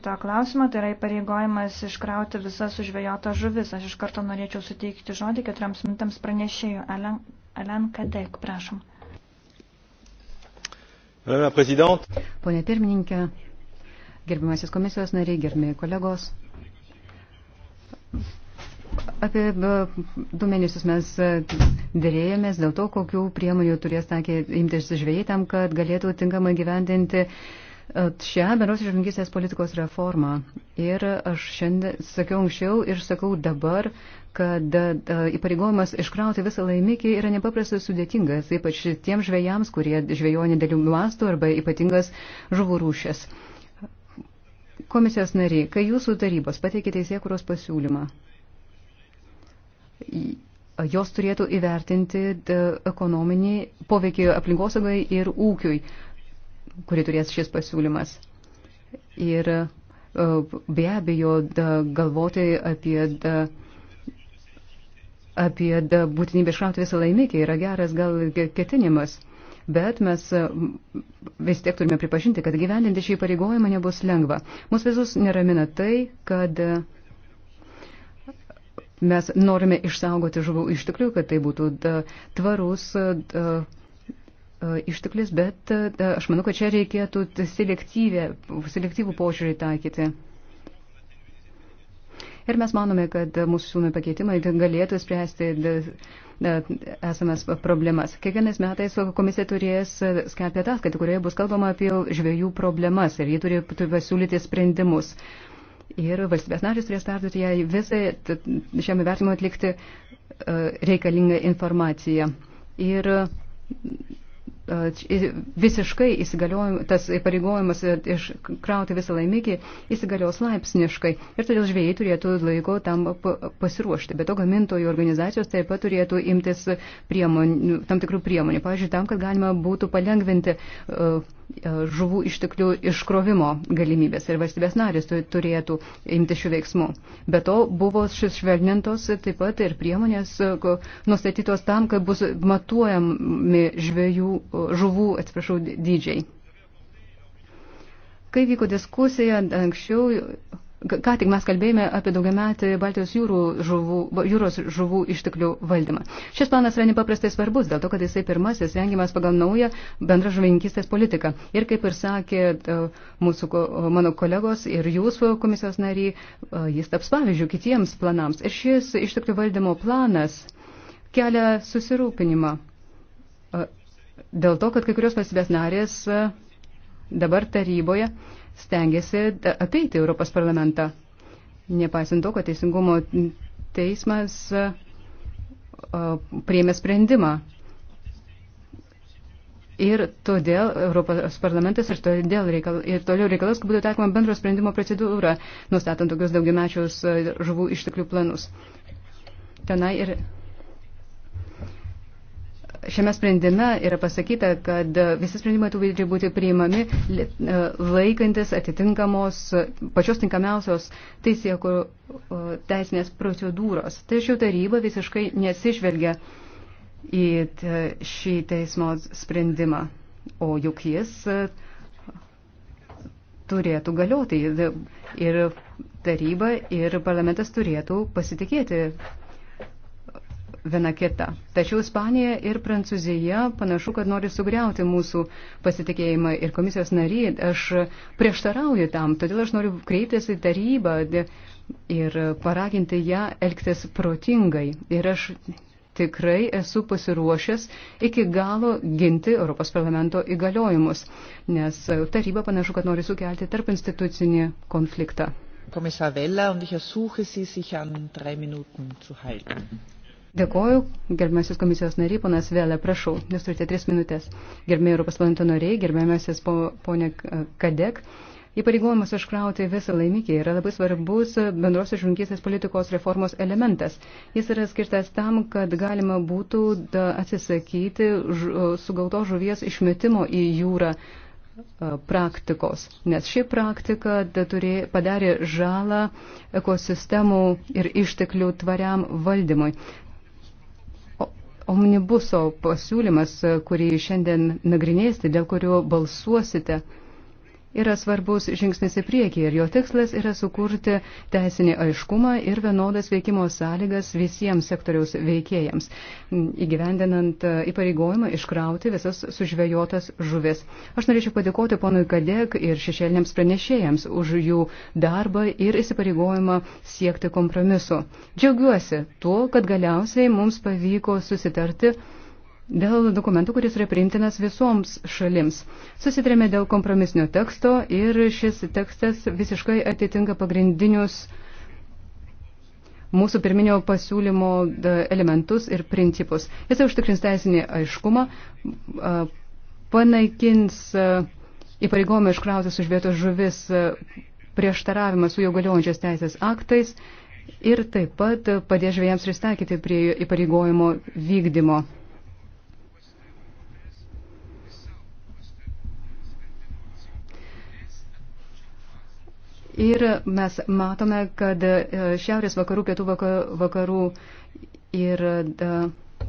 to klausimo, tai yra įpareigojimas iškrauti visas užvėjotą žuvis. Aš iš karto norėčiau suteikti žodį keturiams mintams pranešėjų. Alen, Alen Kadek, prašom. Pone pirmininkė, gerbimasis komisijos nariai, gerbimi kolegos. Apie du mėnesius mes dėrėjomės dėl to, kokių priemonių turės taikyti imtis žvėjai tam, kad galėtų tinkamai gyvendinti uh, šią bendros žemingystės politikos reformą. Ir aš šiandien sakiau anksčiau ir sakau dabar, kad įpareigojimas iškrauti visą laimikį yra nepaprastai sudėtingas, ypač tiems žvėjams, kurie žvėjoja nedėlių mastų arba ypatingas žuvų rūšės. Komisijos nariai, kai jūsų tarybos pateikė teisėkuros pasiūlymą, jos turėtų įvertinti ekonominį poveikį aplinkosaugai ir ūkiui kurį turės šis pasiūlymas. Ir e, be abejo da, galvoti apie da, apie da, būtinybę išrauti visą laimikį yra geras gal ketinimas, bet mes e, vis tiek turime pripažinti, kad gyvendinti šį pareigojimą nebus lengva. Mūsų visus neramina tai, kad e, mes norime išsaugoti žuvų išteklių, kad tai būtų da, tvarus. Da, išteklius, bet e, aš manau, kad čia reikėtų selektyvų požiūrį taikyti. Ir mes manome, kad mūsų siūlomi pakeitimai galėtų spręsti esamas problemas. Kiekvienais metais komisija turės skelbti ataskaitą, kurioje bus kalbama apie žvėjų problemas ir jie turi pasiūlyti sprendimus. Ir valstybės narys turės perduoti jai visą šiame vertimui atlikti e, reikalingą informaciją. Ir E, visiškai tas įpareigojimas e, iškrauti visą laimikį įsigalios laipsniškai ir todėl žvėjai turėtų laiko tam pasiruošti. Bet to gamintojų organizacijos taip pat turėtų imtis priemonių, tam tikrų priemonių, pavyzdžiui, tam, kad galima būtų palengventi uh, e, E, žuvų išteklių iškrovimo galimybės ir valstybės narės turėtų imti šių veiksmų. Be to buvo šis švelnintos taip pat ir priemonės e, nustatytos tam, kad bus matuojami žvėjų, e, žuvų atsiprašau, dydžiai. Kai vyko diskusija anksčiau Ką tik mes kalbėjome apie daugiametį Baltijos jūrų žuvų, jūros žuvų išteklių valdymą. Šis planas yra nepaprastai svarbus, dėl to, kad jisai pirmasis rengiamas pagal naują bendrą žuvininkistės politiką. Ir kaip ir sakė e, mūsų, mano kolegos ir jūsų e, komisijos nariai, e, jis taps pavyzdžių kitiems planams. Ir šis išteklių valdymo planas kelia susirūpinimą dėl to, kad kai kurios valstybės narės dabar taryboje stengiasi apeiti Europos parlamentą. Nepaisant to, kad Teisingumo teismas priėmė sprendimą. Ir todėl Europos parlamentas ir, todėl reikal, ir toliau reikalas, kad būtų taikoma bendro sprendimo procedūra, nustatant tokius daugiamečius žuvų išteklių planus. Tenai ir šiame sprendime yra pasakyta, kad visi sprendimai turi būti priimami e, laikantis atitinkamos, pačios tinkamiausios teisėkų e, teisinės procedūros. Tačiau taryba visiškai nesižvelgia į šį teismo sprendimą, o juk jis e, turėtų galioti ir taryba ir parlamentas turėtų pasitikėti viena kita. Tačiau Ispanija ir Prancūzija panašu, kad nori sugriauti mūsų pasitikėjimą ir komisijos nariai. Aš prieštarauju tam, todėl aš noriu kreiptis į tarybą ir paraginti ją elgtis protingai. Ir aš tikrai esu pasiruošęs iki galo ginti Europos parlamento įgaliojimus, nes taryba panašu, kad nori sukelti tarp institucinį konfliktą. Kommissar Vella und ich ersuche Sie, sich an drei Minuten zu halten. Dėkoju, gerbiamasis komisijos nariai, ponas Vėlė, prašau, jūs turite tris minutės. Gerbėjai Europos parlamento nariai, gerbiamasis ponė Kadek. Įpareigojimas iškrauti visą laimikį yra labai svarbus bendrosios žungysės politikos reformos elementas. Jis yra skirtas tam, kad galima būtų atsisakyti sugautos žuvies išmetimo į jūrą praktikos, nes ši praktika turė, padarė žalą ekosistemų ir išteklių tvariam valdymui omnibuso pasiūlymas, kurį šiandien nagrinėsite, dėl kurio balsuosite, yra svarbus žingsnis į priekį ir jo tikslas yra sukurti teisinį aiškumą ir vienodas veikimo sąlygas visiems sektoriaus veikėjams, įgyvendinant įpareigojimą iškrauti visas sužvejotas žuvis. Aš norėčiau padėkoti ponui Kadek ir šešėliniams pranešėjams už jų darbą ir įsipareigojimą siekti kompromisu. Džiaugiuosi tuo, kad galiausiai mums pavyko susitarti dėl dokumentų, kuris yra priimtinas visoms šalims. Susitrėmė dėl kompromisinio teksto ir šis tekstas visiškai atitinka pagrindinius mūsų pirminio pasiūlymo elementus ir principus. Jis užtikrins teisinį aiškumą, panaikins įpareigojimą iškrautis už vietos žuvis prieštaravimą su jau galiojančios teisės aktais ir taip pat padės žvėjams pristaikyti prie įpareigojimo vykdymo. Ir mes matome, kad e, šiaurės vakarų, pietų vakarų ir, e,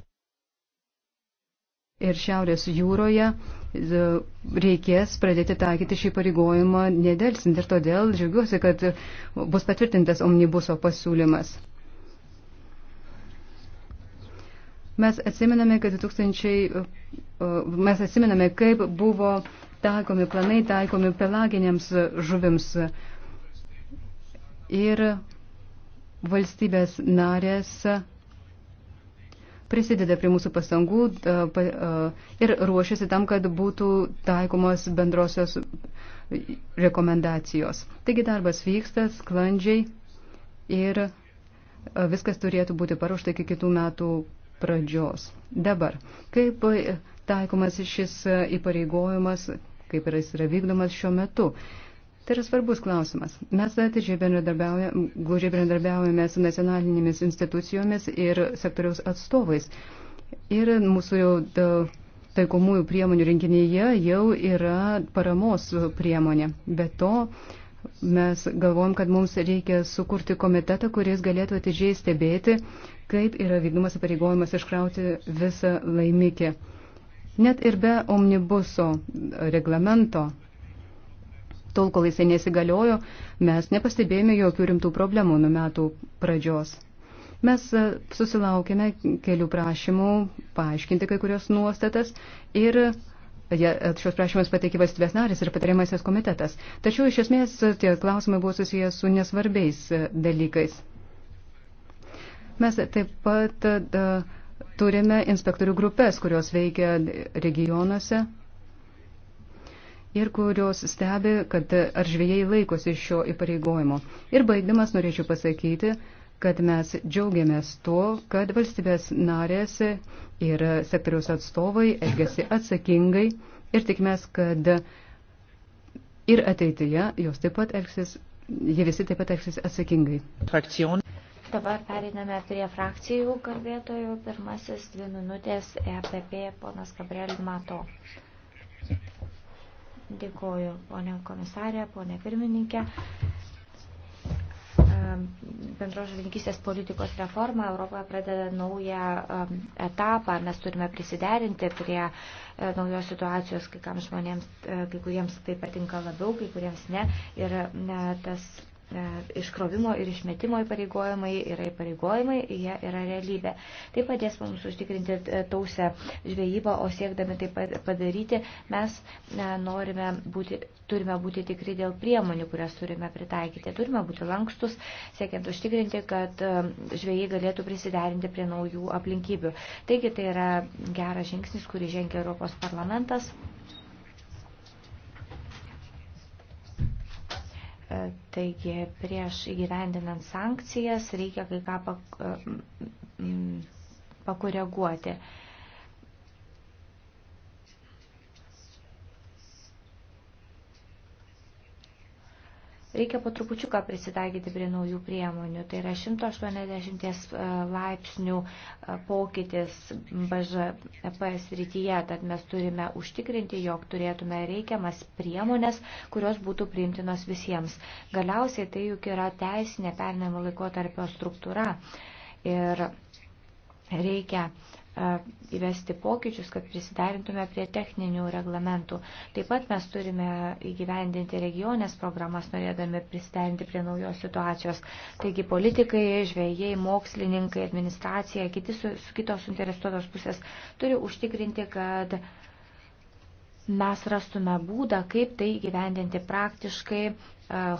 ir šiaurės jūroje reikės pradėti taikyti šį pareigojimą nedelsint. Ir todėl džiaugiuosi, kad bus patvirtintas omnibuso pasiūlymas. Mes atsiminame, kad 2000, e, mes atsiminame, kaip buvo taikomi planai, taikomi pelaginiams žuvims ir valstybės narės prisideda prie mūsų pastangų ir ruošiasi tam, kad būtų taikomos bendrosios rekomendacijos. Taigi darbas vyksta sklandžiai ir viskas turėtų būti paruošta iki kitų metų pradžios. Dabar, kaip taikomas šis įpareigojimas, kaip jis yra vykdomas šiuo metu? Tai yra svarbus klausimas. Mes atidžiai bendradarbiaujame, glūdžiai bendradarbiaujame su nacionalinėmis institucijomis ir sektoriaus atstovais. Ir mūsų jau da, taikomųjų priemonių rinkinyje jau yra paramos priemonė. Be to, mes galvojam, kad mums reikia sukurti komitetą, kuris galėtų atidžiai stebėti, kaip yra vykdomas apareigojimas iškrauti visą laimikį. Net ir be omnibuso reglamento tol, kol jisai nesigaliojo, mes nepastebėjome jokių rimtų problemų nuo metų pradžios. Mes e, susilaukėme kelių prašymų paaiškinti kai kurios nuostatas ir šios prašymus pateikė valstybės narės ir patariamasis komitetas. Tačiau iš esmės e, tie klausimai buvo susijęs su nesvarbiais e, dalykais. Mes taip pat turime inspektorių grupės, kurios veikia regionuose ir kurios stebi, kad ar žvėjai laikosi šio įpareigojimo. Ir baigdamas norėčiau pasakyti, kad mes džiaugiamės tuo, kad valstybės narės ir sektoriaus atstovai elgesi atsakingai ir tikimės, kad ir ateityje jos taip pat elgsis, jie visi taip pat elgsis atsakingai. Frakcion. Dabar periname prie frakcijų kalbėtojų. Pirmasis dvi minutės EPP ponas Gabriel Mato. Dėkoju, ponė komisarė, ponė pirmininkė. E, bendros žalininkystės politikos reforma Europoje pradeda naują e, etapą. Mes turime prisiderinti prie e, naujos situacijos, kai kam žmonėms, kai kuriems tai patinka labiau, kai kuriems ne. Ir ne, tas E, iškrovimo ir išmetimo įpareigojimai yra įpareigojimai, jie yra realybė. Tai padės mums užtikrinti e, tausią žvejybą, o siekdami tai padaryti, mes e, norime būti, turime būti tikri dėl priemonių, kurias turime pritaikyti. Turime būti lankstus, siekiant užtikrinti, kad žvejai galėtų prisiderinti prie naujų aplinkybių. Taigi tai yra geras žingsnis, kurį žengia Europos parlamentas. Taigi prieš įgyvendinant sankcijas reikia kai ką pakoreguoti. Reikia po trupučiuką prisitaikyti prie naujų priemonių. Tai yra 180 e, laipsnių e, pokytis BŽP srityje, tad mes turime užtikrinti, jog turėtume reikiamas priemonės, kurios būtų priimtinos visiems. Galiausiai tai juk yra teisinė pernamo laikotarpio struktūra. Ir reikia uh, įvesti pokyčius, kad prisidarintume prie techninių reglamentų. Taip pat mes turime įgyvendinti regionės programas, norėdami prisidarinti prie naujos situacijos. Taigi politikai, žvėjai, mokslininkai, administracija, kiti su, su kitos suinteresuotos pusės turi užtikrinti, kad mes rastume būdą, kaip tai įgyvendinti praktiškai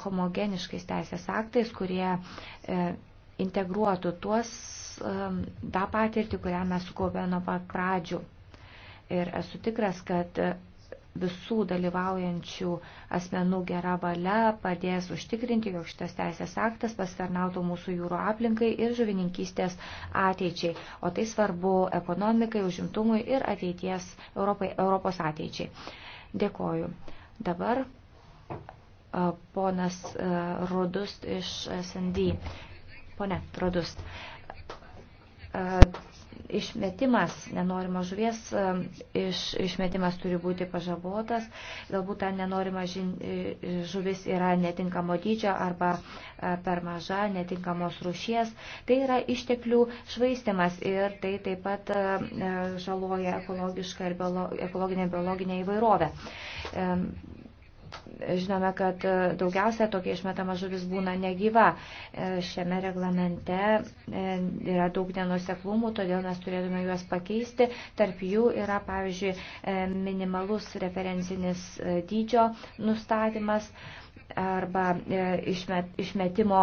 homogeniškais teisės aktais, kurie integruotų tuos Um, tą patirtį, kurią mes sukaupėme nuo pat pradžių. Ir esu tikras, kad visų dalyvaujančių asmenų gera valia padės užtikrinti, jog šitas teisės aktas pasitarnautų mūsų jūro aplinkai ir žuvininkystės ateičiai, o tai svarbu ekonomikai, užimtumui ir ateities Europai, Europos ateičiai. Dėkoju. Dabar ponas Rudus iš SND. Pone Rudus. Išmetimas, nenorima žuvies, iš, išmetimas turi būti pažabotas, galbūt ta nenorima žin, e, žuvis yra netinkamo dydžio arba per maža, netinkamos rušies. Tai yra išteklių švaistimas ir tai taip pat žaloja ekologišką ir biolo, ekologinę biologinę įvairovę. Žinome, kad e, daugiausia tokia išmetama žuvis būna negyva. E, šiame reglamente e, yra daug nenuseklumų, todėl mes turėtume juos pakeisti. Tarp jų yra, pavyzdžiui, minimalus referencinis dydžio nustatymas arba išmetimo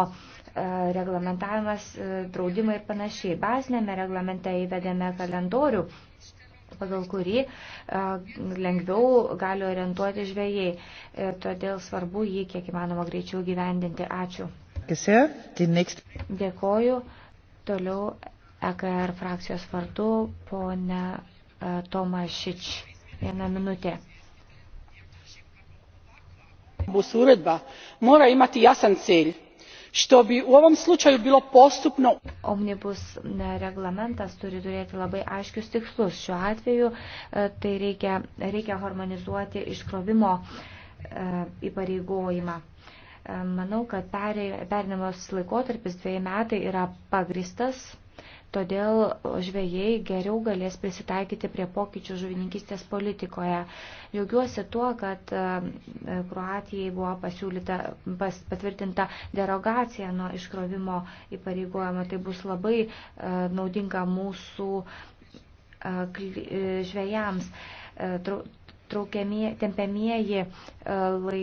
reglamentavimas, draudimai ir panašiai. Bazinėme reglamente įvedėme kalendorių pagal kurį e, lengviau gali orientuoti žvėjai. E, todėl svarbu jį kiek įmanoma greičiau gyvendinti. Ačiū. Dėkoju. Toliau EKR frakcijos vardu ponė e, Tomašič. Viena minutė. Bus uredba mora imati jasan cilj što bi u ovom slučaju bilo postupno. Omnibus e, reglamentas turi turėti labai aiškius tikslus. Šiuo atveju e, tai reikia, reikia harmonizuoti iškrovimo e, įpareigojimą. Manau, kad perinamos laikotarpis dviejai metai yra pagristas Todėl žvėjai geriau galės prisitaikyti prie pokyčių žuvininkystės politikoje. Džiaugiuosi tuo, kad e, Kroatijai buvo pasiūlyta, pas, patvirtinta derogacija nuo iškrovimo įpareigojimo. Tai bus labai e, naudinga mūsų e, žvėjams. Traukiamie, tempiamieji lai,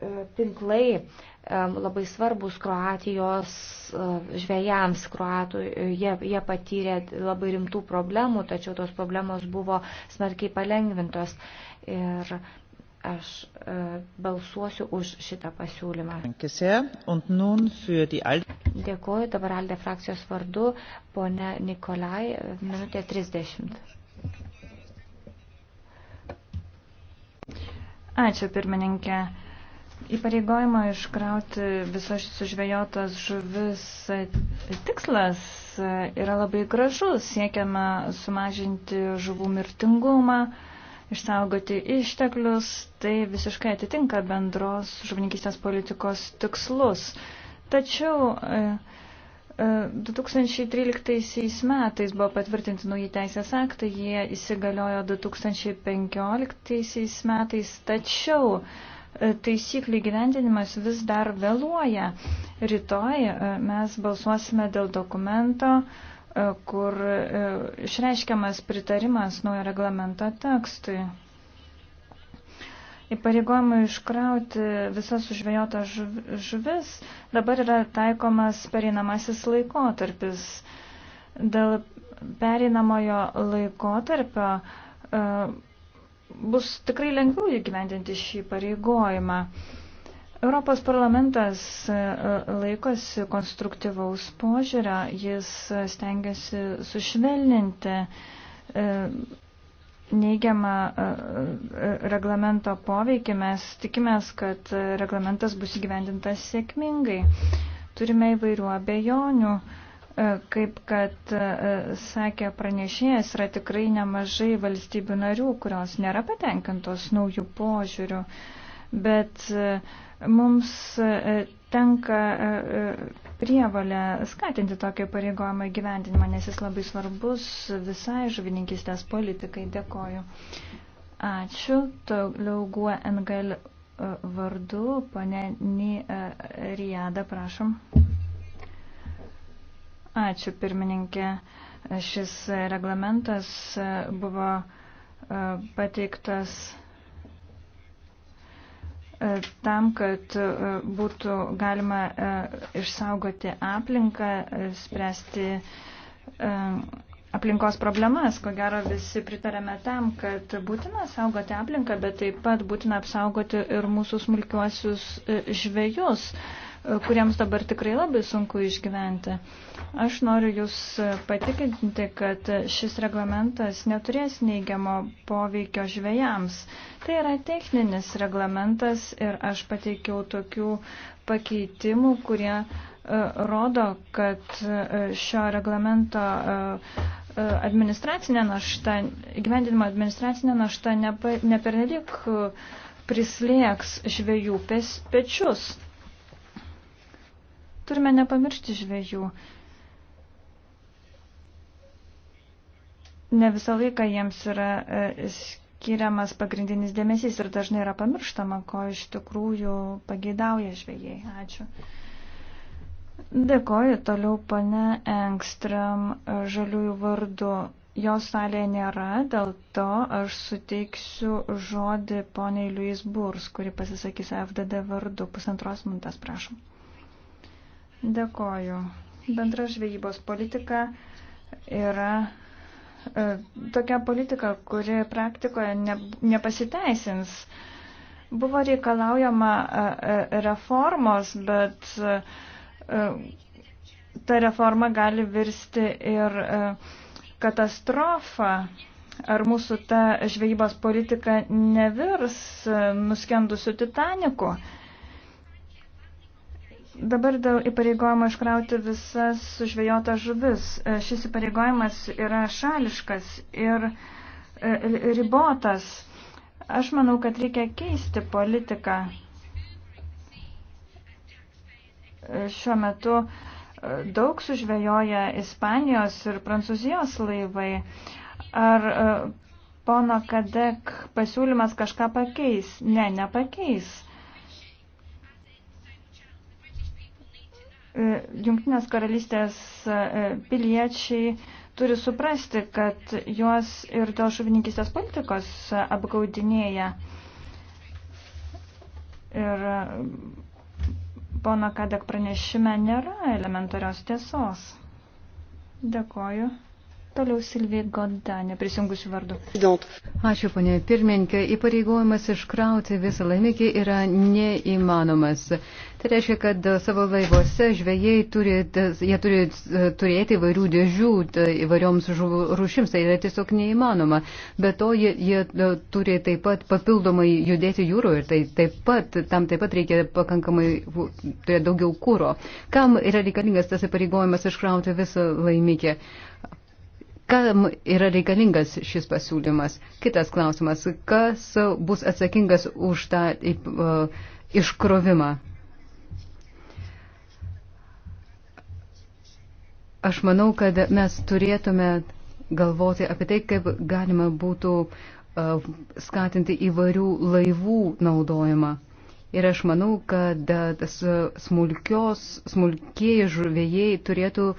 E, tinklai e, labai svarbus Kroatijos e, žvėjams. Kroatų, jie, jie patyrė labai rimtų problemų, tačiau tos problemos buvo smarkiai palengvintos. Ir aš balsuosiu už šitą pasiūlymą. Dėkuoju dabar Aldė frakcijos vardu, ponė Nikolai, minutė 30. Ačiū pirmininkė. Įpareigojimo iškrauti visas sužvėjotas žuvis tikslas e, yra labai gražus. Siekiama sumažinti žuvų mirtingumą, išsaugoti išteklius. Tai visiškai atitinka bendros žuvininkystės politikos tikslus. Tačiau 2013 e, e, metais buvo patvirtinti nauji teisės aktai, jie įsigaliojo 2015 metais, tačiau taisyklių gyvendinimas vis dar vėluoja. Rytoj e, mes balsuosime dėl dokumento, e, kur e, išreiškiamas pritarimas naujo reglamento tekstui. Įpareigojimai iškrauti visas užvėjotas žuvis dabar yra taikomas pereinamasis laikotarpis. Dėl pereinamojo laikotarpio bus tikrai lengviau įgyvendinti šį pareigojimą. Europos parlamentas e, e, laikosi konstruktyvaus požiūrio, jis e, stengiasi sušvelninti neigiamą reglamento poveikį. Mes tikimės, kad reglamentas bus įgyvendintas sėkmingai. Turime įvairių abejonių E, kaip kad e, sakė pranešėjas, yra tikrai nemažai valstybių narių, kurios nėra patenkintos naujų požiūrių, bet e, mums tenka prievalę skatinti tokį pareigojimą gyvendinimą, nes jis labai svarbus visai žuvininkistės politikai. Dėkoju. Ačiū. Toliau guo NGL vardu, pane Riada, prašom. Ačiū, pirmininkė. Šis reglamentas buvo e, pateiktas e, tam, kad e, būtų galima išsaugoti aplinką, spręsti aplinkos problemas. Ko gero visi pritarėme tam, kad būtina saugoti aplinką, bet taip pat būtina apsaugoti ir mūsų smulkiuosius žvėjus kuriems dabar tikrai labai sunku išgyventi. Aš noriu Jūs patikinti, kad šis reglamentas neturės neigiamo poveikio žvėjams. Tai yra techninis reglamentas ir aš pateikiau tokių pakeitimų, kurie e, rodo, kad e, šio reglamento e, administracinė našta, gyvendinimo administracinė našta nepernelyg prislėgs žvėjų pečius. Turime nepamiršti žvėjų. Ne visą laiką jiems yra e, skiriamas pagrindinis dėmesys ir dažnai yra pamirštama, ko iš tikrųjų pageidauja žvėjai. Ačiū. Dėkoju toliau pane Engstram žaliųjų vardu. Jos salėje nėra, dėl to aš suteiksiu žodį poniai Luis Burs, kuri pasisakys FDD vardu. Pusantros minutės, prašom. Dėkoju. Bendra žvejybos politika yra e, tokia politika, kuri praktikoje ne, nepasiteisins. Buvo reikalaujama e, e, reformos, bet ta reforma gali virsti ir katastrofą. Ar mūsų ta žvejybos politika nevirs nuskendusių Titaniku? Dabar dėl įpareigojimo iškrauti visas sužvėjotas žuvis. E, šis įpareigojimas yra šališkas e, ir ribotas. Aš manau, kad reikia keisti politiką. E, šiuo metu daug sužvėjoja Ispanijos ir Prancūzijos laivai. Ar pono Kadek pasiūlymas kažką pakeis? Ne, nepakeis E, Junktinės karalystės e, piliečiai turi suprasti, kad juos ir dėl žuvininkistės politikos apgaudinėja. Ir e, pono Kadek pranešime nėra elementarios tiesos. Dėkoju. Toliau Silvija Godanė, prisijungusiu vardu. Ačiū, ponė pirmininkė. Įpareigojimas iškrauti visą laimikį yra neįmanomas. Tai reiškia, kad savo laivuose žvėjai turi, jie turi e, turėti įvairių dėžių e, įvairioms žuvų rušims. Tai yra tiesiog neįmanoma. Be to, jie, jie e, turi taip pat papildomai judėti jūroje ir tai taip pat, tam taip pat reikia pakankamai turėti daugiau kūro. Kam yra reikalingas tas įpareigojimas iškrauti visą laimikį? Kam yra reikalingas šis pasiūlymas? Kitas klausimas, kas bus atsakingas už tą e, iškrovimą? Aš manau, kad mes turėtume galvoti apie tai, kaip galima būtų e, skatinti įvairių laivų naudojimą. Ir aš manau, kad e, smulkios, smulkiai žuvėjai turėtų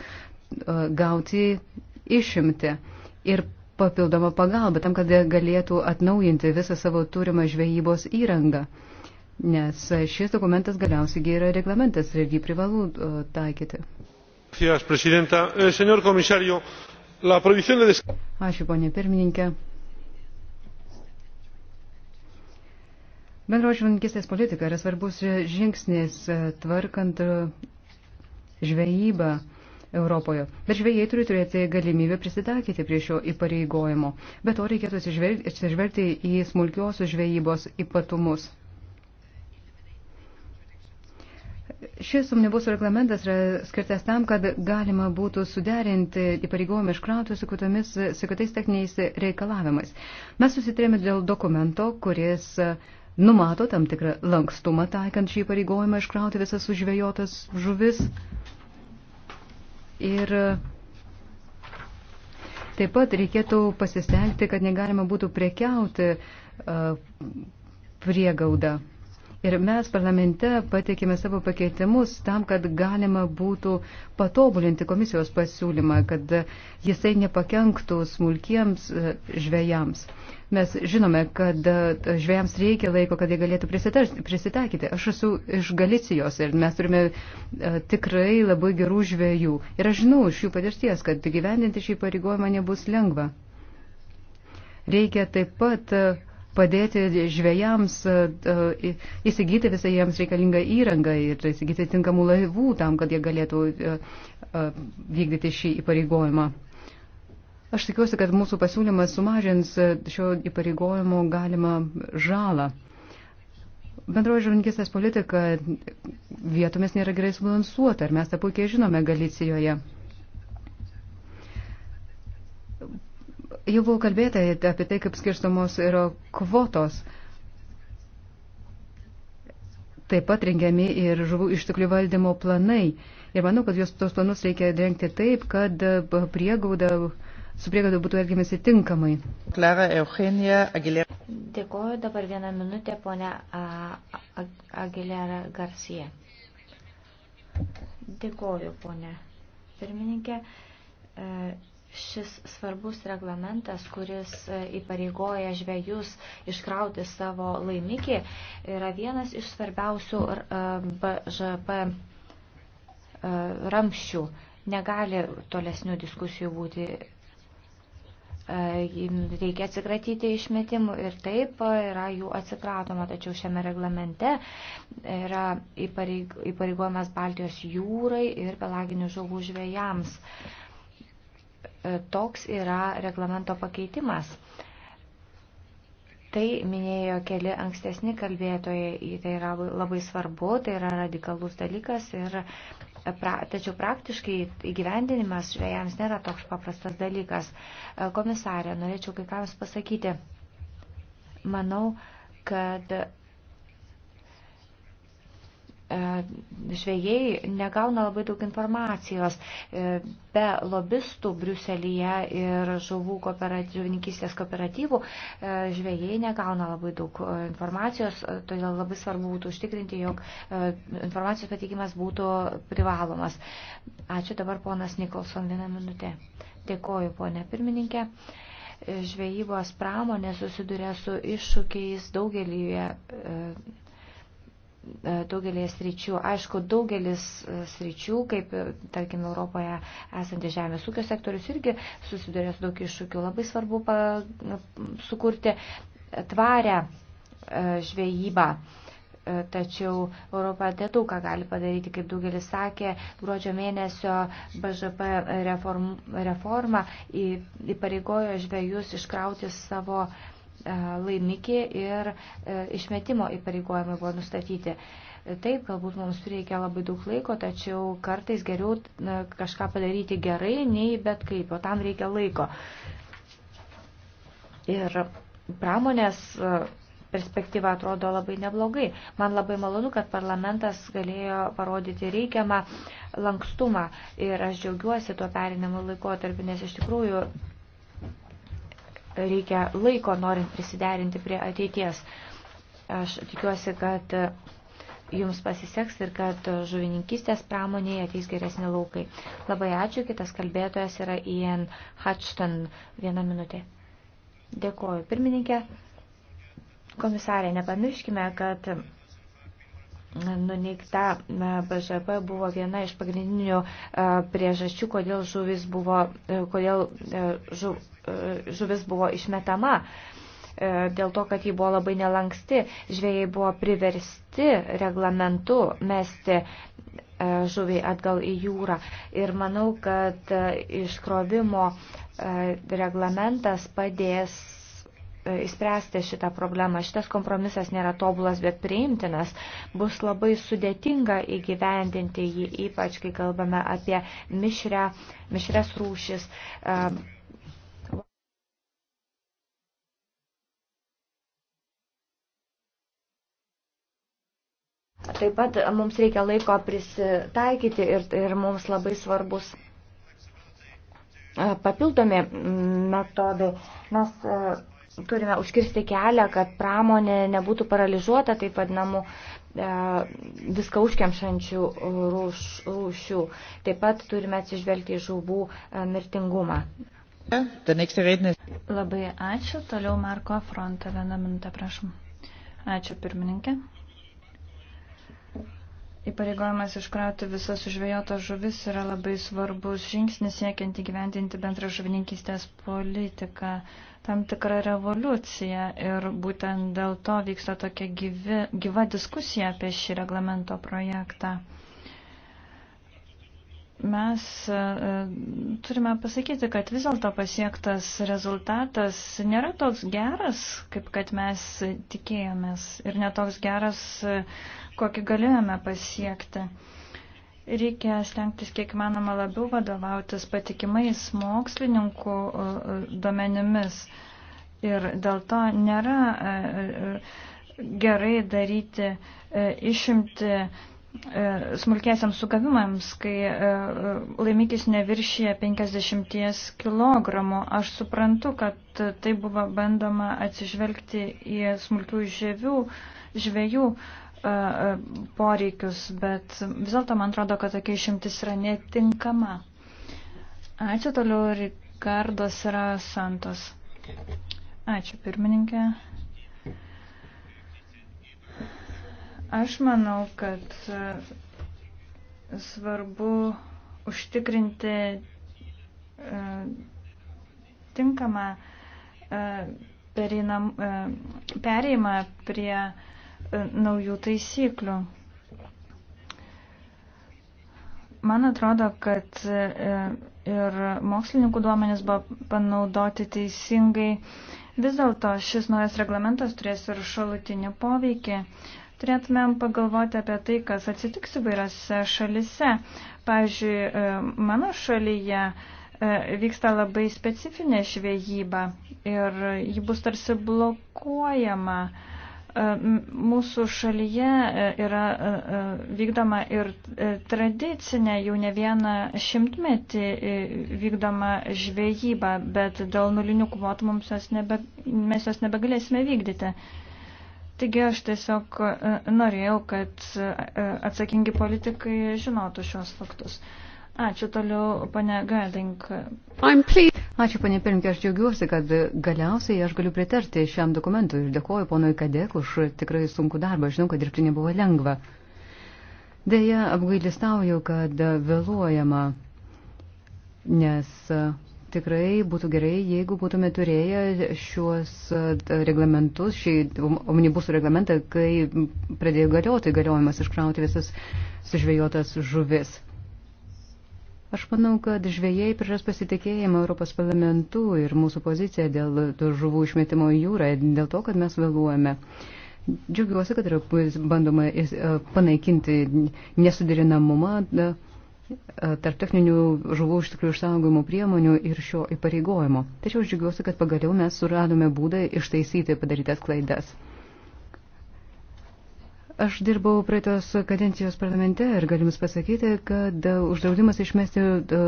gauti išimti ir papildomą pagalbą tam, kad galėtų atnaujinti visą savo turimą žvejybos įrangą. Nes šis dokumentas galiausiai yra reglamentas ir jį privalu e, taikyti. Eh, Ačiū, ponė pirmininkė. Bendro žvininkistės politika yra svarbus žingsnis e, tvarkant e, žvejybą Europoje. Bet žvėjai turi turėti galimybę prisitaikyti prie šio įpareigojimo. Bet to reikėtų atsižvelgti į smulkiosios žvejybos ypatumus. Šis omnibus reglamentas yra skirtas tam, kad galima būtų suderinti įpareigojimą iškrauti su, kutomis, su kitais techniniais reikalavimais. Mes susitrėmė dėl dokumento, kuris numato tam tikrą lankstumą taikant šį įpareigojimą iškrauti visas užvėjotas žuvis. Ir taip pat reikėtų pasistengti, kad negalima būtų prekiauti priegaudą. Ir mes parlamente pateikėme savo pakeitimus tam, kad galima būtų patobulinti komisijos pasiūlymą, kad jisai nepakenktų smulkiems e, žvėjams. Mes žinome, kad e, žvėjams reikia laiko, kad jie galėtų prisitaikyti. Aš esu iš Galicijos ir mes turime e, tikrai labai gerų žvėjų. Ir aš žinau iš jų patirties, kad gyvendinti šį pareigojimą nebus lengva. Reikia taip pat padėti žvėjams e, e, įsigyti visą jiems reikalingą įrangą ir įsigyti tinkamų laivų tam, kad jie galėtų e, vykdyti šį įpareigojimą. Aš tikiuosi, kad mūsų pasiūlymas sumažins šio įpareigojimo galimą žalą. Bendroji žuvininkistės politika vietomis nėra gerai subalansuota ir mes tą puikiai žinome Galicijoje. Jau buvo kalbėta apie tai, kaip skirstomos yra kvotos. Taip pat rengiami ir žuvų išteklių valdymo planai. Ir manau, kad jos tos planus reikia rengti taip, kad e, priegauda, su priegauda būtų elgiamasi tinkamai. Klara Eugenija Aguilera. Dėkuoju dabar vieną minutę, ponia Aguilera Garcia. Dėkuoju, ponia pirmininkė. E, šis svarbus reglamentas, kuris e, įpareigoja žvėjus iškrauti savo laimikį, yra vienas iš svarbiausių e, BŽP e, ramščių. Negali tolesnių diskusijų būti reikia atsikratyti išmetimų ir taip yra jų atsikratoma, tačiau šiame reglamente yra įpareigojamas Baltijos jūrai ir pelaginių žuvų žvėjams. E, toks yra reglamento pakeitimas. Tai minėjo keli ankstesni kalbėtojai, tai yra labai svarbu, tai yra radikalus dalykas, ir, e, pra, tačiau praktiškai įgyvendinimas žvėjams nėra toks paprastas dalykas. E, komisarė, norėčiau kai ką Jums pasakyti. Manau, kad E, žvėjai negauna labai daug informacijos. E, be lobistų Briuselyje ir žuvų žuvininkystės kooperatyvų e, žvėjai negauna labai daug informacijos, todėl labai svarbu būtų užtikrinti, jog informacijos pateikimas būtų privalomas. Ačiū dabar ponas Nikolson vieną minutę. Dėkoju, ponė pirmininkė žvejybos pramonė susiduria su iššūkiais daugelį E, daugelį sričių. Aišku, daugelis e, sričių, kaip, e, tarkim, Europoje esantis žemės ūkio sektorius, irgi susiduria su daug iššūkių. Labai svarbu pa, sukurti tvarę žvejybą. Tačiau Europa nedaug ką gali padaryti, kaip daugelis sakė, gruodžio mėnesio BŽP reform, reforma įpareigojo žvejus iškrauti savo uh, E, laimikį ir e, išmetimo įpareigojimai buvo nustatyti. Taip, galbūt mums reikia labai daug laiko, tačiau kartais geriau e, kažką padaryti gerai, nei bet kaip, o tam reikia laiko. Ir pramonės perspektyva atrodo labai neblogai. Man labai malonu, kad parlamentas galėjo parodyti reikiamą lankstumą ir aš džiaugiuosi tuo perinamu laikotarpiu, nes iš tikrųjų reikia laiko, norint prisiderinti prie ateities. Aš tikiuosi, kad jums pasiseks ir kad žuvininkystės pramonėje ateis geresni laukai. Labai ačiū, kitas kalbėtojas yra Ian Hutchton. Vieną minutę. Dėkuoju, pirmininkė. Komisarė, nepamirškime, kad nuneikta BŽP buvo viena iš pagrindinių priežasčių, kodėl žuvis buvo, kodėl žuv, E, žuvis buvo išmetama e, dėl to, kad ji buvo labai nelanksti. Žvėjai buvo priversti reglamentu mesti e, žuvį atgal į jūrą. Ir manau, kad iškrovimo reglamentas padės įspręsti šitą problemą. Šitas kompromisas nėra tobulas, bet priimtinas. Bus labai sudėtinga įgyvendinti jį, ypač kai kalbame apie mišrę, mišrės rūšis. Uh, Taip pat mums reikia laiko prisitaikyti ir, ir mums labai svarbus papildomi metodai. Mes turime užkirsti kelią, kad pramonė nebūtų paralyžiuota taip vadinamų viską užkemšančių rūš, rūšių. Taip pat turime atsižvelgti į žuvų mirtingumą. Labai ačiū. Toliau Marko Fronta. Vieną minutę, prašom. Ačiū pirmininkė. Įpareigojimas iškrauti visas užvėjotas žuvis yra labai svarbus žingsnis siekiant įgyvendinti bendrą žuvininkystės politiką. Tam tikra revoliucija ir būtent dėl to vyksta tokia gyvi, gyva diskusija apie šį reglamento projektą. Mes e, turime pasakyti, kad vis dėlto pasiektas rezultatas nėra toks geras, kaip kad mes tikėjomės ir netoks geras kokį galėjome pasiekti. Reikia stengtis kiek manoma labiau vadovautis patikimais mokslininkų e, e, duomenimis. Ir dėl to nėra e, gerai daryti išimti smulkėsiams sugavimams, kai laimikis neviršyje 50 kg. Aš suprantu, kad tai buvo bandoma atsižvelgti į smulkių žievių, žvėjų E, e, poreikius, bet vis dėlto man atrodo, kad tokia išimtis yra netinkama. Ačiū toliau, Rikardas yra Santos. Ačiū, pirmininkė. Aš manau, kad e, svarbu užtikrinti tinkamą perėjimą prie E, naujų taisyklių. Man atrodo, kad e, ir mokslininkų duomenys buvo panaudoti teisingai. Vis dėlto šis naujas reglamentas turės ir šalutinį poveikį. Turėtumėm pagalvoti apie tai, kas atsitiks įvairiose šalise. Pavyzdžiui, e, mano šalyje vyksta labai specifinė žvejyba ir ji bus tarsi blokuojama. E, mūsų šalyje e, yra e, vykdoma ir tradicinė, jau ne vieną šimtmetį vykdoma žvejyba, bet dėl nulinių kvotų jos nebe, mes jos nebegalėsime vykdyti. Taigi aš tiesiog norėjau, kad atsakingi politikai žinotų šios faktus. Ačiū toliau, pane Gadink. Ačiū, pane Pirinkė, aš džiaugiuosi, kad galiausiai aš galiu pritarti šiam dokumentui ir dėkoju ponui Kadek už tikrai sunku darbą. Žinau, kad dirbti nebuvo lengva. Deja, apgailistauju, kad vėluojama, nes e, tikrai būtų gerai, jeigu būtume turėję šiuos e, reglamentus, šį omnibusų reglamentą, kai pradėjo galioti galiojimas iškrauti visas sužvėjotas žuvis. Aš manau, kad žvėjai priras pasitikėjimą Europos parlamentu ir mūsų poziciją dėl žuvų išmetimo į jūrą, dėl to, kad mes vėluojame. Džiugiuosi, kad yra bandoma e, panaikinti nesuderinamumą e, tarp techninių žuvų išteklių išsaugojimo priemonių ir šio įpareigojimo. Tačiau aš džiugiuosi, kad pagaliau mes suradome būdą ištaisyti padarytas klaidas. Aš dirbau praeitos kadencijos parlamente ir galim pasakyti, kad e, uždraudimas išmesti e,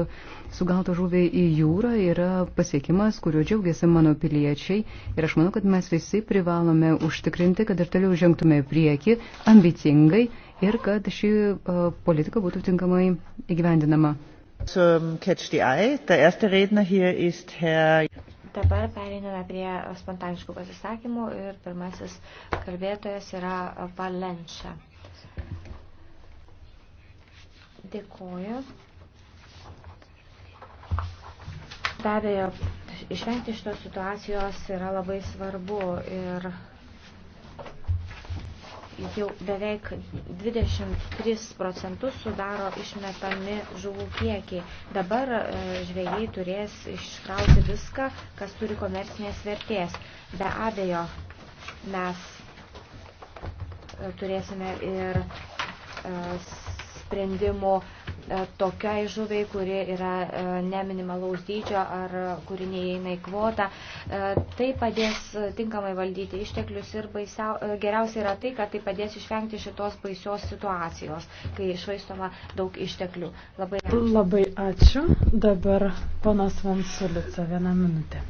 sugautą žuvį į jūrą yra pasiekimas, kuriuo džiaugiasi mano piliečiai. Ir aš manau, kad mes visi privalome užtikrinti, kad ir toliau žengtume į priekį ambicingai ir kad ši e, politika būtų tinkamai įgyvendinama. Zum Catch the Eye. Der erste Redner hier ist Herr Dabar pereiname prie spontaniškų pasisakymų ir pirmasis kalbėtojas yra Valenčia. Dėkuoju. Be abejo, išvengti šitos situacijos yra labai svarbu ir jau beveik 23 procentus sudaro išmetami žuvų kiekiai. Dabar e, žvėjai turės iškrauti viską, kas turi komercinės vertės. Be abejo, mes e, turėsime ir e, sprendimų E, tokiai žuviai, kuri yra e, neminimalaus dydžio ar e, kuri neįeina į kvotą. Tai padės tinkamai valdyti išteklius ir baisiau, geriausia yra tai, kad tai padės išvengti šitos baisios situacijos, kai išvaistoma daug išteklių. Labai ačiū. Labai ačiū. Dabar ponas Vansulica, vieną minutę.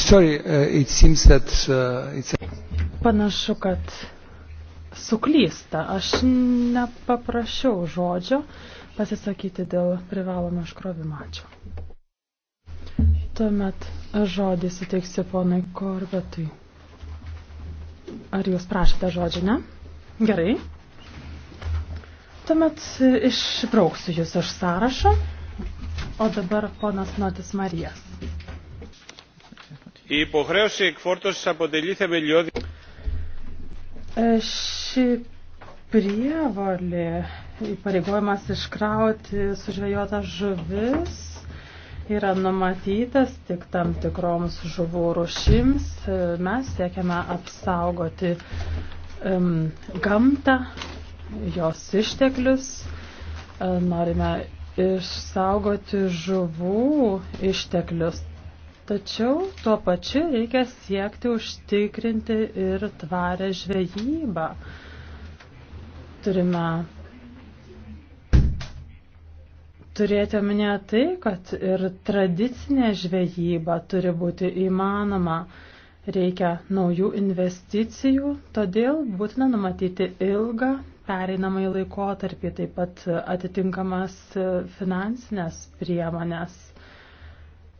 Sorry, uh, it seems that uh, it's... Panašu, kad suklysta. Aš nepaprašiau žodžio pasisakyti dėl privalomo iškrovimo. Ačiū. Tuomet žodį suteiksiu ponai Korbetui. Ar jūs prašote žodžio, ne? Gerai. Tuomet išbrauksiu jūs iš sąrašo. O dabar ponas Notis Marijas. Η υποχρέωση εκφόρτωσης αποτελεί θεμελιώδη... Aš Ši prievolė įpareigojimas iškrauti sužvejotą žuvis yra numatytas tik tam tikroms žuvų rušims. Mes siekiame apsaugoti um, gamtą, jos išteklius, norime išsaugoti žuvų išteklius. Tačiau tuo pačiu reikia siekti užtikrinti ir tvarę žvejybą. Turime turėti omenyje tai, kad ir tradicinė žvejyba turi būti įmanoma. Reikia naujų investicijų, todėl būtina numatyti ilgą pereinamąjį laikotarpį, taip pat atitinkamas finansinės priemonės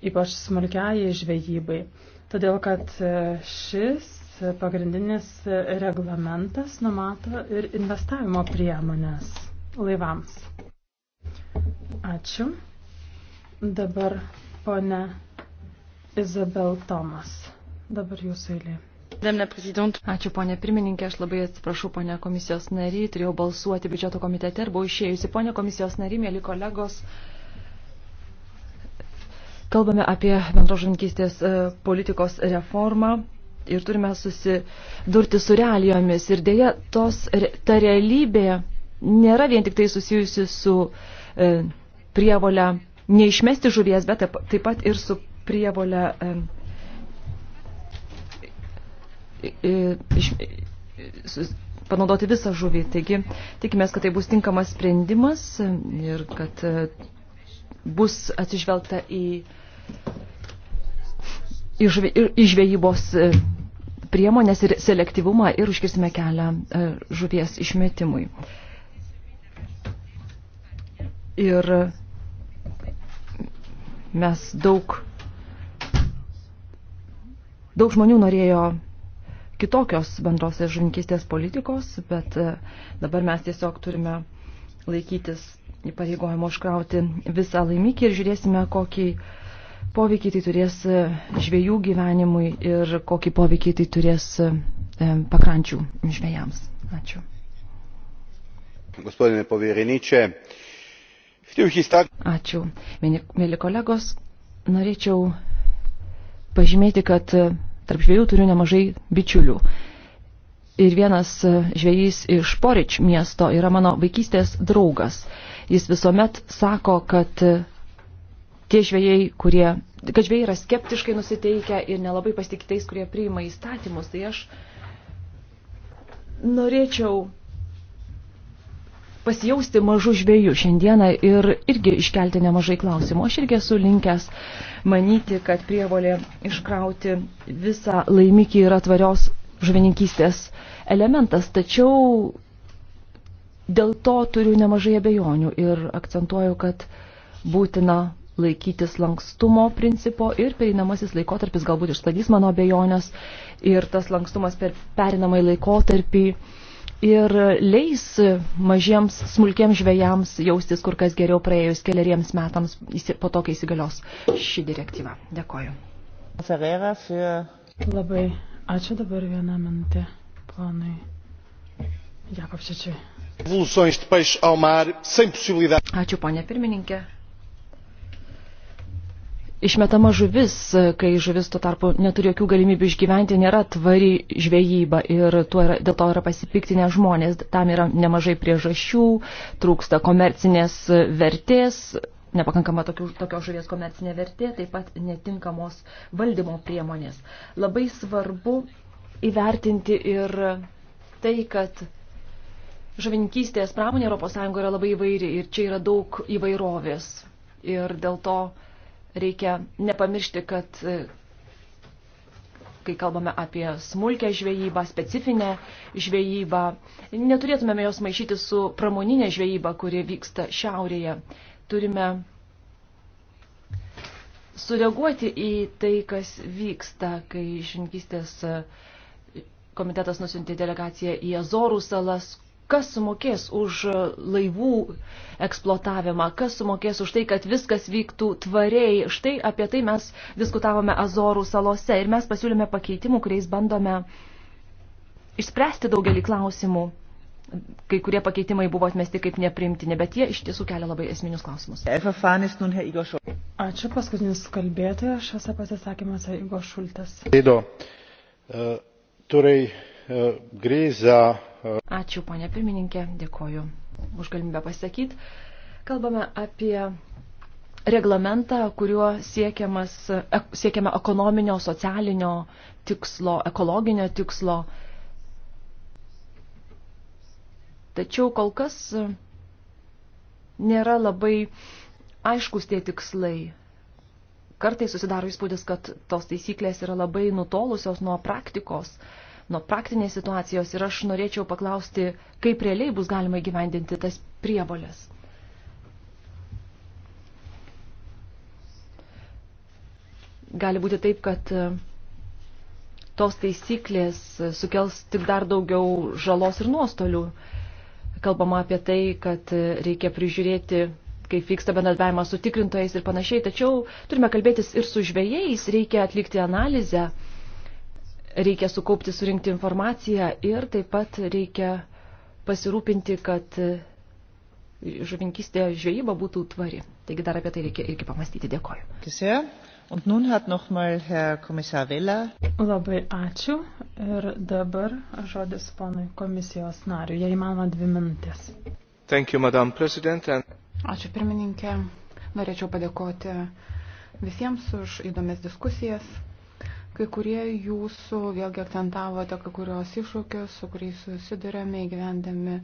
ypač smulkiajai žvejybai, todėl kad šis pagrindinis reglamentas numato ir investavimo priemonės laivams. Ačiū. Dabar ponia Izabel Tomas. Dabar jūsų eilė. Ačiū, ponė pirmininkė, aš labai atsiprašau, ponė komisijos nary, turėjau balsuoti biudžeto komitete ir buvau išėjusi. Ponė komisijos nary, mėly kolegos, uh, Kalbame apie bendrožankystės e, politikos reformą ir turime susidurti su realijomis. Ir dėja, tos, ta realybė nėra vien tik tai susijusi su e, prievolia neišmesti žuvies, bet taip, taip pat ir su prievolia e, e, iš, panaudoti visą žuvį. Taigi tikimės, kad tai bus tinkamas sprendimas ir kad e, bus atsižvelgta į, į, į žvejybos e, priemonės ir selektyvumą ir užkirsime kelią e, žuvies išmetimui. Ir mes daug, daug žmonių norėjo kitokios bendrosios žuvininkystės politikos, bet e, dabar mes tiesiog turime laikytis įpareigojimo užkrauti visą laimikį ir žiūrėsime, kokį poveikį tai turės e, žvėjų gyvenimui ir kokį poveikį tai turės e, pakrančių žvėjams. Ačiū. Gospodine povjereniče, Ačiū. Mėly kolegos, norėčiau pažymėti, kad e, tarp žvėjų turiu nemažai bičiulių. Ir vienas žvėjys iš Porič miesto yra mano vaikystės draugas. Jis visuomet sako, kad tie žvėjai, kurie, kad žvėjai yra skeptiškai nusiteikę ir nelabai pasitikitais, kurie priima įstatymus. Tai aš norėčiau pasijausti mažų žvėjų šiandieną ir irgi iškelti nemažai klausimų. Aš irgi esu linkęs manyti, kad prievolė iškrauti visą laimikį yra tvarios žuvininkystės elementas, tačiau Dėl to turiu nemažai abejonių ir akcentuoju, kad būtina laikytis lankstumo principo ir pereinamasis laikotarpis galbūt išsklaidys mano abejonės ir tas lankstumas per pereinamąjį laikotarpį ir leis mažiems smulkiems žvėjams jaustis kur kas geriau praėjus keliariems metams po to, kai įsigalios ši direktyva. Dėkoju. Labai ačiū dabar vieną minutę ponui Jakobčičiui. Ačiū, ponė pirmininkė. Išmetama žuvis, kai žuvis tuo tarpu neturi jokių galimybių išgyventi, nėra tvari žvejyba ir yra, dėl to yra pasipiktinę žmonės. Tam yra nemažai priežasčių, trūksta komercinės vertės, nepakankama tokių, tokios žuvies komercinė vertė, taip pat netinkamos valdymo priemonės. Labai svarbu įvertinti ir tai, kad žuvininkystės pramonė ES yra labai įvairi ir čia yra daug įvairovės. Ir dėl to reikia nepamiršti, kad e, kai kalbame apie smulkę žvejybą, specifinę žvejybą, neturėtumėme jos maišyti su pramoninė žvejyba, kuri vyksta šiaurėje. Turime sureaguoti į tai, kas vyksta, kai žininkystės e, komitetas nusintė delegaciją į Azorų salas, kas sumokės už laivų eksploatavimą, kas sumokės už tai, kad viskas vyktų tvariai. Štai apie tai mes diskutavome Azorų salose ir mes pasiūlėme pakeitimų, kuriais bandome išspręsti daugelį klausimų. Kai kurie pakeitimai buvo atmesti kaip neprimtini, bet jie iš tiesų kelia labai esminius klausimus. Ačiū paskutinis kalbėtojas, šiose pasisakymuose Igor Šultas. Eh, torej, eh, gre za Ačiū, ponė pirmininkė, dėkoju už galimybę pasakyti. Kalbame apie reglamentą, kuriuo siekiame ekonominio, socialinio tikslo, ekologinio tikslo. Tačiau kol kas nėra labai aiškus tie tikslai. Kartai susidaro įspūdis, kad tos taisyklės yra labai nutolusios nuo praktikos. Uh, nuo praktinės situacijos ir aš norėčiau paklausti, kaip realiai bus galima įgyvendinti tas prievolės. Gali būti taip, kad e, tos taisyklės sukels tik dar daugiau žalos ir nuostolių. Kalbama apie tai, kad e, reikia prižiūrėti kaip vyksta bendradarbiavimas su tikrintojais ir panašiai. Tačiau turime kalbėtis ir su žvėjais, reikia atlikti analizę reikia sukaupti, surinkti informaciją ir taip pat reikia pasirūpinti, kad žuvinkystė žvejyba būtų tvari. Taigi dar apie tai reikia irgi pamastyti. Dėkoju. Und nun hat nochmal Herr Kommissar Vella. Labai ačiū. Ir dabar žodis ponui komisijos nariu, jei mano dvi minutės. Thank you, Madam President. And... Ačiū pirmininkė. Norėčiau padėkoti visiems už įdomias diskusijas. Kai kurie jūsų vėlgi akcentavote kai kurios iššūkius, su kuriais susidurėme įgyvendami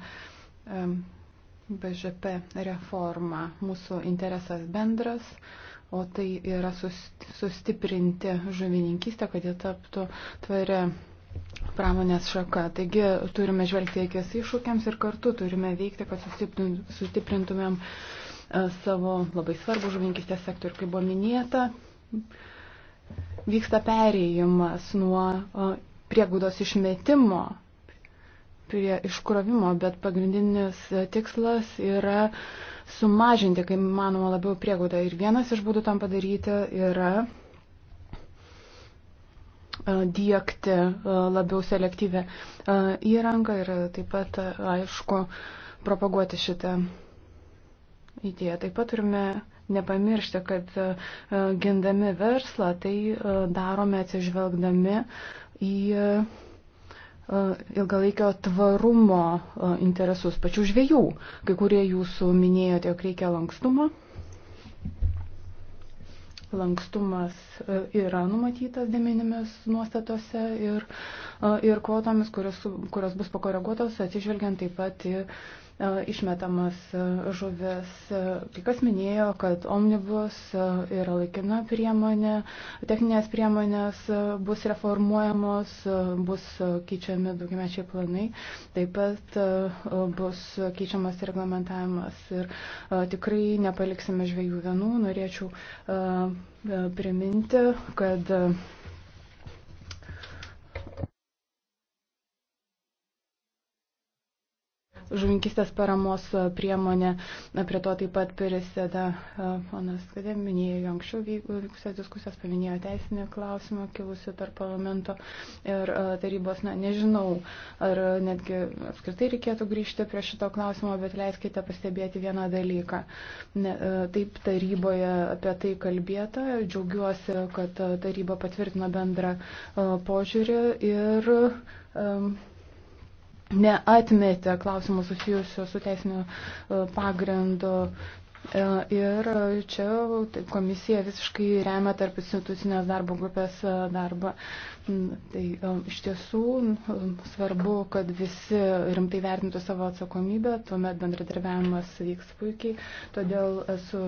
um, BŽP reformą. Mūsų interesas bendras, o tai yra sustiprinti žuvininkystę, kad jie taptų tvari pramonės šaka. Taigi turime žvelgti akis iššūkiams ir kartu turime veikti, kad sustiprintumėm e, savo labai svarbų žuvininkystės sektorių, kaip buvo minėta vyksta perėjimas nuo priegudos išmetimo prie iškrovimo, bet pagrindinis tikslas yra sumažinti, kaip manoma, labiau priegudą. Ir vienas iš būdų tam padaryti yra diegti labiau selektyvę įrangą ir taip pat, aišku, propaguoti šitą idėją. Taip pat turime nepamiršti, kad e, gindami verslą tai e, darome atsižvelgdami į e, ilgalaikio tvarumo interesus pačių žvėjų. Kai kurie jūsų minėjote, jog reikia lankstumo. Lankstumas yra numatytas dėmenimis nuostatose ir, ir kvotomis, kurios, kurios bus pakoreguotos, atsižvelgiant taip pat į E, išmetamas e, žuvis. E, kai kas minėjo, kad omnibus yra laikina priemonė, techninės priemonės bus reformuojamos, bus keičiami daugiamečiai planai, taip pat bus keičiamas reglamentavimas. Ir tikrai nepaliksime žvėjų vienų. Norėčiau priminti, kad žuvininkistės paramos priemonė. Prie to taip pat prisideda ponas Kadė, minėjo anksčiau vykusias diskusijas, paminėjo teisinį klausimą kilusi tarp parlamento ir tarybos. Na, nežinau, ar netgi apskritai reikėtų grįžti prie šito klausimo, bet leiskite pastebėti vieną dalyką. Ne, taip taryboje apie tai kalbėta, džiaugiuosi, kad taryba patvirtino bendrą požiūrį ir um, neatmetė klausimų susijusių su teisiniu e, pagrindu. E, ir čia komisija visiškai remia tarp institucinės darbo grupės e, darbą. Mm, tai iš tiesų svarbu, kad visi rimtai vertintų savo atsakomybę, tuomet bendradarbiavimas vyks puikiai, todėl esu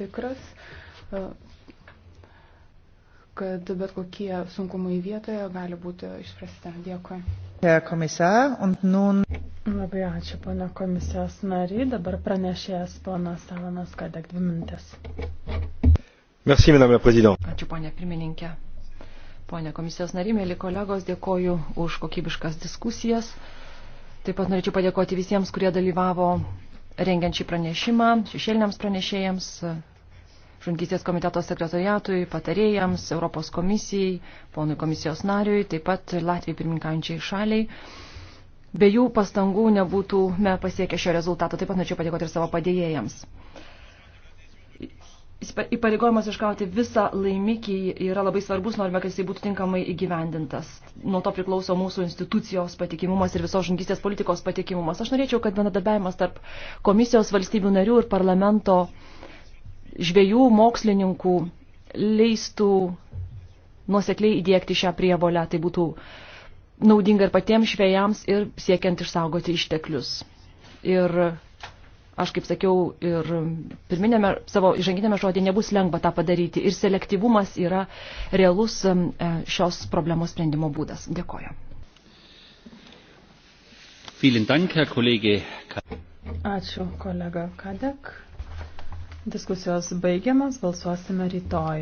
tikras kad bet kokie sunkumai vietoje gali būti išspręsti. Dėkui. Labai ačiū, pana komisijos nariai. Dabar pranešėjas ponas Salonas Kadek dvi minutės. Merci, ačiū, ponė pirmininkė. Pone komisijos nariai, mėly kolegos, dėkoju už kokybiškas diskusijas. Taip pat norėčiau padėkoti visiems, kurie dalyvavo rengiant šį pranešimą, šešėliniams pranešėjams, žungysės komiteto sekretoriatui, patarėjams, Europos komisijai, ponui komisijos nariui, taip pat Latvijai pirmininkančiai šaliai. Be jų pastangų nebūtume pasiekę šio rezultato. Taip pat norėčiau padėkoti ir savo padėjėjams. Įpareigojimas išgauti visą laimikį yra labai svarbus, norime, kad jisai būtų tinkamai įgyvendintas. Nuo to priklauso mūsų institucijos patikimumas ir visos žungystės politikos patikimumas. Aš norėčiau, kad bendradarbiavimas tarp komisijos valstybių narių ir parlamento uh, žvėjų mokslininkų leistų nuosekliai įdėkti šią prievolę, tai būtų naudinga ir patiems žvėjams ir siekiant išsaugoti išteklius. Ir aš kaip sakiau ir pirminėme savo įžanginėme žodį nebus lengva tą padaryti ir selektyvumas yra realus e, šios problemos sprendimo būdas. Dėkoju. Ačiū kolega Kadek. Diskusijos baigiamas, balsuosime rytoj.